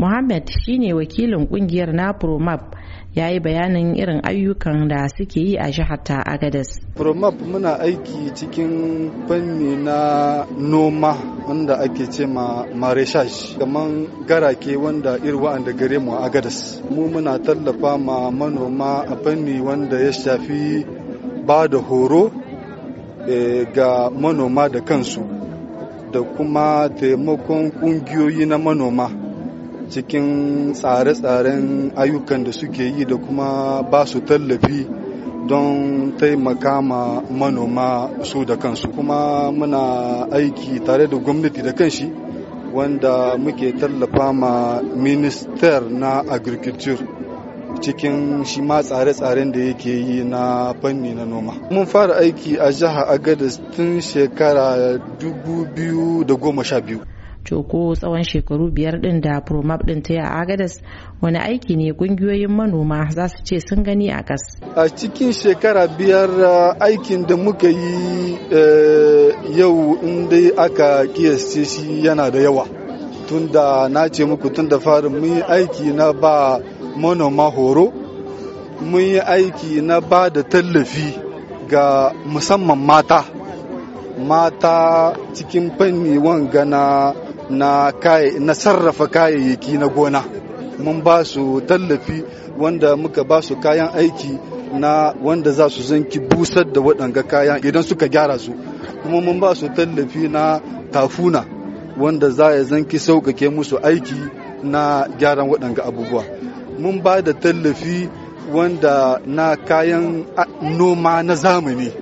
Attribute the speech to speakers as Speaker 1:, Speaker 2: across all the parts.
Speaker 1: Mohammed shine wakilin kungiyar na Promap ya yi bayanin irin ayyukan da suke yi a jihar ta Agadez.
Speaker 2: Promap muna aiki cikin fanni na noma wanda ake ce ma mareshash kamar garake wanda irwa da gare mu a Agadez. Mu muna tallafa ma manoma a fanni wanda ya shafi ba da horo eh, ga manoma da kansu da kuma taimakon kungiyoyi na manoma. cikin tsare-tsaren ayyukan da suke yi da kuma ba su tallafi don taimaka ma manoma su da kansu kuma muna aiki tare da gwamnati da kanshi wanda muke tallafa ma minister na agriculture cikin shi ma tsare-tsaren da yake yi na fanni na noma. Mun fara aiki a jihar Agadis tun shekara 2012.
Speaker 1: Coko tsawon shekaru biyar din da promap din ta yi a agadas wani aiki ne kungiyoyin manoma za su ce sun gani a kas
Speaker 2: a cikin shekara biyar aikin da muka yi e, yau inda aka kiyasce shi yana da yawa tunda na ce muku tun da farin mun yi aiki na ba manoma horo mun yi aiki na ba da tallafi ga musamman mata mata cikin fanni wanga na na, na sarrafa kayayyaki na gona mun ba su tallafi wanda muka ba su kayan aiki na wanda za su zanki busar da waɗanga kayan idan suka gyara su kuma mun ba su tallafi na tafuna wanda za ya zanki sauƙaƙe musu aiki na gyaran waɗanga abubuwa mun ba da tallafi wanda na kayan noma na zamani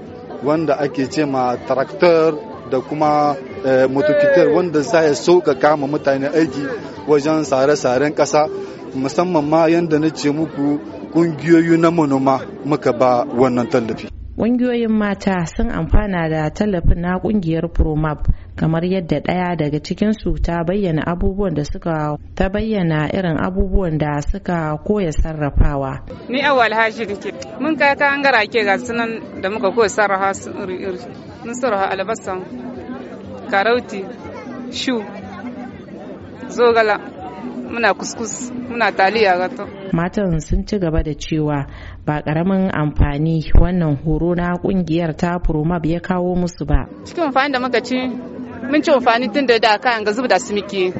Speaker 2: wanda ake ce ma traktor da kuma Eh, motokitar wanda za ya sauƙaƙa ma mutane aiki wajen sare-saren ƙasa musamman ma yadda na ce muku ƙungiyoyi na manoma muka ba wannan tallafi.
Speaker 1: Ƙungiyoyin mata sun amfana da tallafin na ƙungiyar Promap kamar yadda ɗaya daga cikinsu ta bayyana abubuwan da suka ta bayyana irin abubuwan da suka koya sarrafawa.
Speaker 3: Ni awal Alhaji nake. Mun kai ka an gara ke ga sunan da muka koya sarrafa mun sarrafa albasa karauti shu zogala muna kuskus muna taliya gato
Speaker 1: matan sun ci gaba da cewa ba karamin amfani wannan horo na kungiyar ta promab ya kawo musu ba
Speaker 3: cikin amfani da muka ci mun ci amfani tun da da kayan ga zubda su muke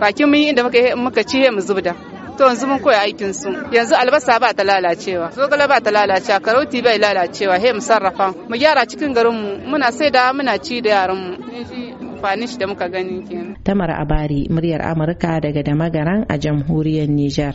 Speaker 3: bakin mun yi inda muka ci he mu zubda to yanzu mun koya aikin su yanzu albasa ba ta lalacewa zogale ba ta lalacewa karoti bai lalacewa he mu sarrafa mu gyara cikin garin mu muna saida muna ci da yaran mu fanish da muka gani kenan
Speaker 1: tamar abari muryar amurka daga damagaran a jamhuriyar niger